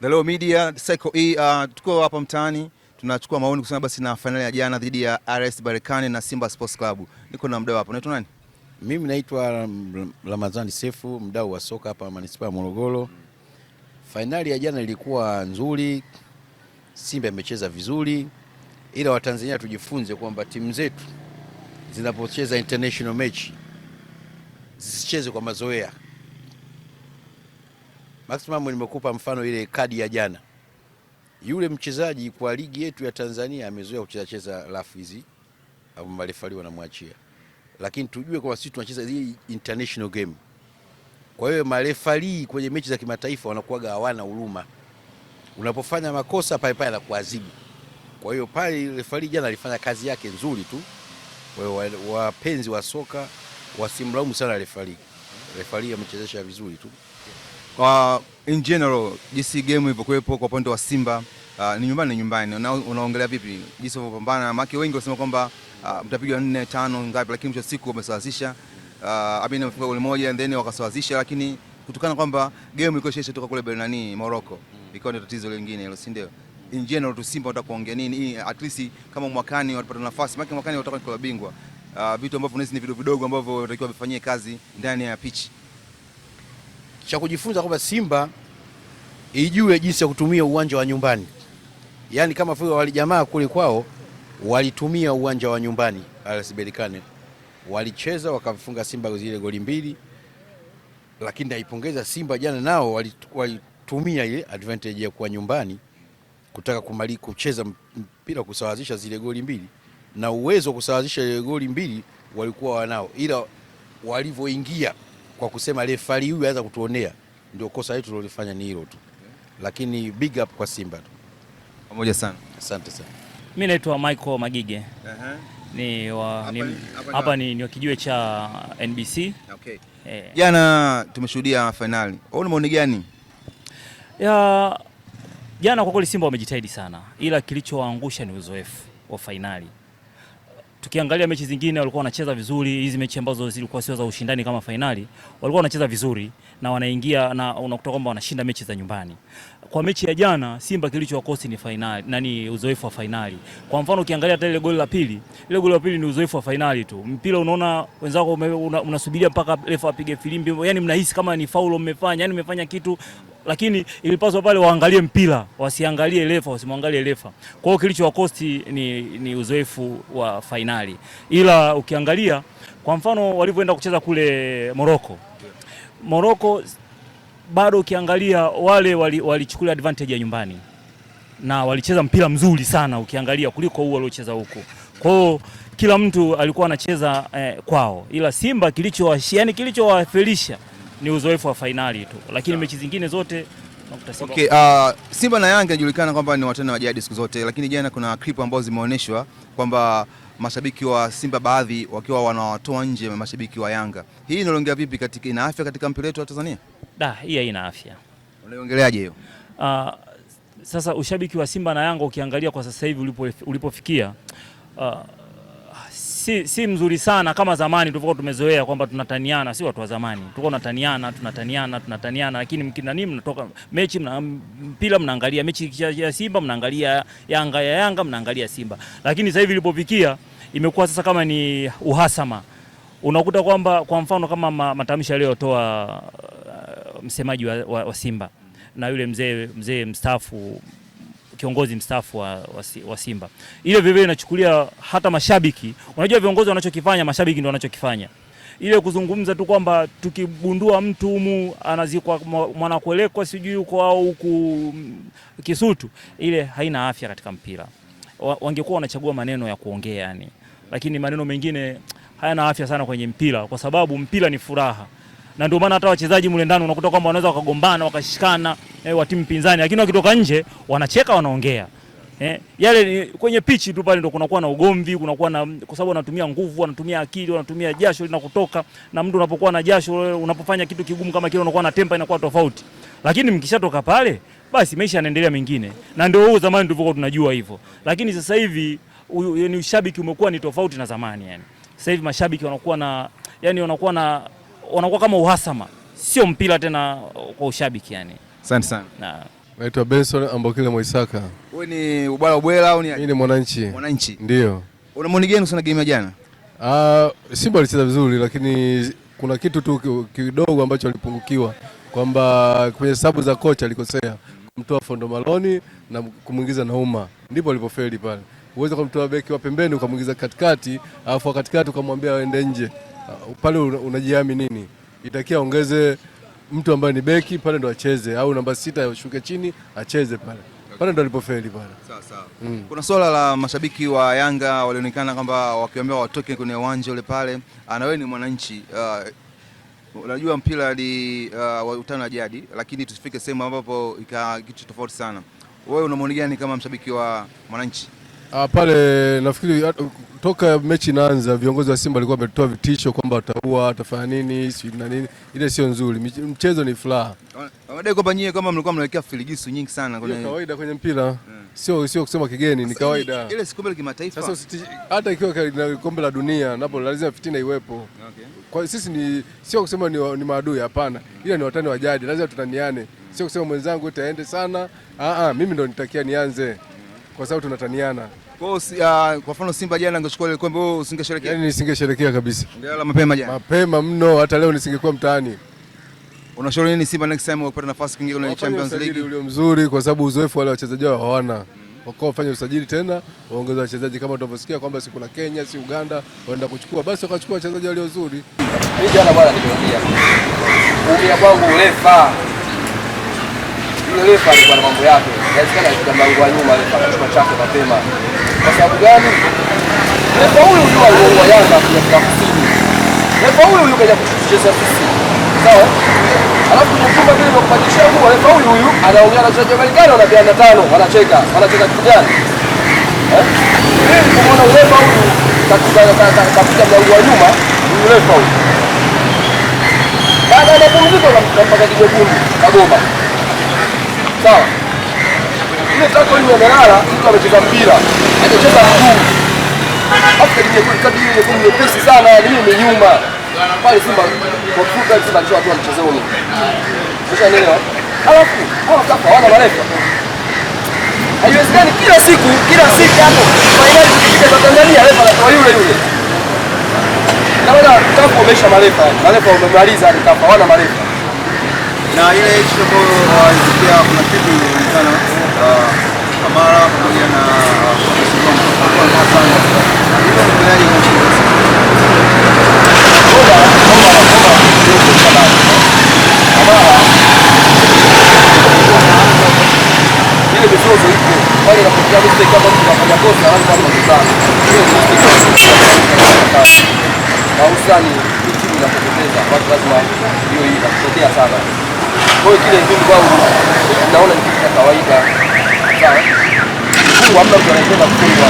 The Leo Media cycle E, uh, tuko hapa mtaani tunachukua maoni kusema basi na fainali ya jana dhidi ya RS Berkane na Simba Sports Club. Niko na mdau hapa. Unaitwa nani? Mimi naitwa Ramadhani Sefu, mdau wa soka hapa Manispaa ya Morogoro. Fainali ya jana ilikuwa nzuri. Simba imecheza vizuri. Ila Watanzania tujifunze kwamba timu zetu zinapocheza international match zisicheze kwa mazoea. Maximum, nimekupa mfano ile kadi ya jana, yule mchezaji kwa ligi yetu ya Tanzania amezoea kucheza cheza rafu hizi au marefali wanamwachia, lakini tujue kwa sisi tunacheza hii international game. Kwa hiyo marefali kwenye mechi za kimataifa wanakuwaga hawana huruma, unapofanya makosa pale pale na kuadhibu. Kwa hiyo pale refali jana alifanya kazi yake nzuri tu. Kwa hiyo Wapenzi wa soka wasimlaumu sana refali, refali amechezesha vizuri tu uh, in general jinsi game ilivyokuwepo kwa upande wa Simba uh, ni nyumbani ni nyumbani, unaongelea vipi jinsi walivyopambana? Maana wengi wasema kwamba uh, mtapigwa 4 5 ngapi, lakini mwisho siku wamesawazisha uh, abini mfuko goli moja and then wakasawazisha, lakini kutokana kwamba game ilikuwa shesha toka kule Bernani Morocco, mm. ikawa ni tatizo lingine hilo, si ndio? In general tu Simba wanataka kuongea nini, at least kama mwakani watapata nafasi, maana mwakani watakuwa kuwa bingwa, uh, vitu uh, ambavyo ni vidogo vidogo ambavyo wanatakiwa vifanyie kazi ndani ya pichi cha kujifunza kwamba Simba ijue jinsi ya kutumia uwanja wa nyumbani, yaani kama vile walijamaa kule kwao walitumia uwanja wa nyumbani RS Berkane, walicheza wakamfunga Simba zile goli mbili, lakini naipongeza Simba jana, nao walitumia ile advantage ya kuwa nyumbani kutaka kumali kucheza mpira kusawazisha zile goli mbili, na uwezo wa kusawazisha ile goli mbili walikuwa wanao, ila walivyoingia kwa kusema refari huyu aweza kutuonea, ndio kosa letu tulilofanya ni hilo tu, lakini big up kwa Simba tu pamoja sana. Asante sana. Mimi naitwa Michael Magige. Uh-huh. Ni wa hapa ni, ni wa kijiwe cha NBC. Okay. Eh. Jana tumeshuhudia fainali. Wewe una maoni gani? Ya jana kwa kweli Simba wamejitahidi sana, ila kilichowaangusha ni uzoefu wa fainali tukiangalia mechi zingine walikuwa wanacheza vizuri. Hizi mechi ambazo zilikuwa sio za ushindani kama fainali, walikuwa wanacheza vizuri na wanaingia na unakuta kwamba wanashinda mechi za nyumbani. Kwa mechi ya jana, Simba kilichowakosi ni fainali, nani uzoefu wa fainali. Kwa mfano ukiangalia hata ile goli la pili, ile goli la pili ni uzoefu wa fainali tu. Mpira unaona wenzako unasubiria una mpaka refa apige filimbi, yani mnahisi kama ni faulo mmefanya, yani mmefanya kitu lakini ilipaswa pale waangalie mpira, wasiangalie refa, wasimwangalie refa. Kwa hiyo kilicho wakosti ni, ni uzoefu wa fainali, ila ukiangalia kwa mfano walivyoenda kucheza kule Moroko, Moroko bado ukiangalia wale walichukulia wali advantage ya nyumbani na walicheza mpira mzuri sana ukiangalia kuliko huu waliocheza huko. Kwa hiyo kila mtu alikuwa anacheza eh, kwao, ila Simba kilicho yani kilichowafelisha ni uzoefu wa fainali tu, lakini mechi zingine zote Simba. Okay, uh, Simba na Yanga inajulikana kwamba ni watani wa jadi siku zote, lakini jana kuna clip ambazo zimeonyeshwa kwamba mashabiki wa Simba baadhi wakiwa wanawatoa nje mashabiki wa Yanga. Hii inaongea vipi katika ina afya katika mpira wetu wa Tanzania? Da, hii haina afya. Unaongeleaje hiyo? Uh, sasa ushabiki wa Simba na Yanga ukiangalia kwa sasa hivi ulipofikia ulipo uh, si, si mzuri sana kama zamani tulivyokuwa tumezoea kwamba tunataniana, si watu wa zamani tulikuwa tunataniana tunataniana tunataniana, lakini mkina nini, mnatoka mechi mna mpira mnaangalia mechi ya Simba mnaangalia Yanga ya Yanga mnaangalia Simba, lakini sasa hivi ilipofikia imekuwa sasa kama ni uhasama, unakuta kwamba kwa mfano kama matamshi aliyotoa uh, msemaji wa, wa, wa Simba na yule mzee mzee mstaafu kiongozi mstaafu wa, wa, wa Simba. Ile vile inachukulia hata mashabiki, unajua viongozi wanachokifanya mashabiki ndio wanachokifanya. Ile kuzungumza tu kwamba tukibundua mtu humu anazikwa mwanakuelekwa sijui yuko au huku mm, Kisutu, ile haina afya katika mpira. Wangekuwa wanachagua maneno ya kuongea yani, lakini maneno mengine hayana afya sana kwenye mpira, kwa sababu mpira ni furaha na ndio maana hata wachezaji mule ndani unakuta kwamba wanaweza wakagombana wakashikana eh, wa timu pinzani, lakini wakitoka nje wanacheka wanaongea. Eh, yale kwenye pichi tu pale ndio kunakuwa na ugomvi, kunakuwa na kwa sababu wanatumia nguvu, wanatumia akili, wanatumia jasho linakutoka, na mtu unapokuwa na jasho, unapofanya kitu kigumu kama kile, unakuwa na tempa inakuwa tofauti. Lakini mkishatoka pale, basi maisha yanaendelea mengine. Na ndio huo zamani tulivyokuwa tunajua hivyo. Lakini sasa hivi ni ushabiki umekuwa ni tofauti na zamani yani. Sasa hivi mashabiki wanakuwa na yani wanakuwa na wanakuwa kama uhasama, sio mpira tena kwa ushabiki yani. Asante sana. Naitwa Benson Ambokile Moisaka. Wewe ni ubwela ubwela au ni? Mimi ni mwananchi. Mwananchi. Ndio. Unamwona gani sana game ya jana? Ah, Simba alicheza vizuri lakini kuna kitu tu kidogo ambacho alipungukiwa kwamba kwenye sababu za kocha alikosea kumtoa Fondo Maloni na kumwingiza Nauma, ndipo alipofeli pale. Uweze kumtoa beki wa pembeni ukamwingiza katikati, alafu katikati ukamwambia aende nje. Uh, pale unajihami nini? Itakia ongeze mtu ambaye ni beki pale ndo acheze, au namba sita ashuke chini acheze pale pale ndo alipofeli pale. Sawa sawa. Mm. Kuna swala la mashabiki wa Yanga walionekana kwamba wakiambiwa watoke kwenye uwanja ule pale, ah, na wewe ni mwananchi uh, unajua mpira ni uh, ah, utani jadi, lakini tusifike sehemu ambapo ikaa kitu tofauti sana. Wewe unamwona gani kama mshabiki wa mwananchi? Ah, pale nafikiri ah, toka mechi inaanza viongozi wa Simba walikuwa wametoa vitisho kwamba wataua, atafanya nini, si na nini. Ile sio nzuri, mchezo ni furaha. Wanadai kwamba nyie kama mlikuwa mnawekea filigisu nyingi sana kwenye kawaida kwenye mpira yeah. Sio sio kusema kigeni, ni kawaida ile siku kombe la kimataifa. Sasa hata ikiwa kombe la dunia napo lazima fitina iwepo okay. Kwa sisi ni sio kusema ni, ni maadui hapana, ila ni watani wa jadi, lazima tutaniane, sio kusema mwenzangu utaende sana. Ah, ah, mimi ndo nitakia nianze kwa sababu tunataniana. Kwa hiyo ah, kwa mfano Simba jana angechukua ile kombe wewe usingesherekea? Yaani nisingesherekea kabisa. Ndio mapema jana. Mapema mno hata leo nisingekuwa mtaani. Unashauri nini Simba next time wapate nafasi kingine kwenye Champions League? Ule mzuri kwa sababu uzoefu wale wachezaji wao hawana. Wako fanya usajili tena, waongeze wachezaji kama tunavyosikia kwamba si kuna Kenya, si Uganda, waenda kuchukua basi wakachukua wachezaji walio nzuri. Mimi jana bwana niliongea. Ongea kwangu refa refa alikuwa na mambo yake, inawezekana alikuja mlango wa nyuma akachukua chake mapema. Kwa sababu gani? Refa huyu ndio aliongoza Yanga kuja kusini, refa huyu ndio kaja kucheza sisi, sawa. Alafu kumkumba vile kwa kubadilisha huyu refa huyu huyu anaongea na wachezaji Marekani wanapeana tano, wanacheka wanacheka kitu gani? Eh, mimi kumwona refa huyu katika mlango wa nyuma ni refa huyu. Baada ya mapumziko na mpaka Kagoma sawa. Ile tako ile imelala, mtu amecheza mpira amecheza mguu, afu nyepesi sana, yani mimi nimenyuma pale Simba kwa kufuta Simba ndio watu mchezoni, ushaelewa? Alafu hawa kaka hawana marefa, haiwezekani kila siku kila siku hapo fainali zikifika za Tanzania refa kwa yule yule. Naona kafu umeisha marefa, marefa umemaliza, kafu hawana marefa na ile issue ambayo ilitokea, kuna kitu ilionekana Kamara pamoja na hususani timu inapopoteza watu lazima hiyo hii inatokea sana. Kwa hiyo kile nzuri kwangu naona ni kitu cha kawaida. Sawa, Kwa amna mtu anayependa kufunga.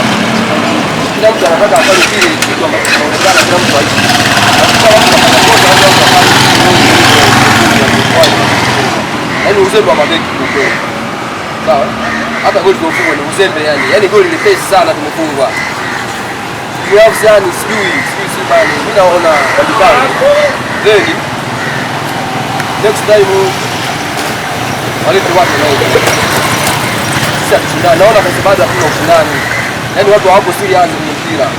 kila mtu anataka afanye kile kitu ambacho kinaonekana kila mtu aishi. Sasa watu wanafanya kosa au yaani uzembe wa mabeki kwa kweli. Sawa, hata goli lilofungwa ni uzembe yani, yani goli lipesi sana tumefungwa Gloves yani sijui sijui sijui bali mimi naona kabisa. Then next day time walete watu naona, kwa sababu hakuna ushindani, yaani watu hawako serious kwenye mpira.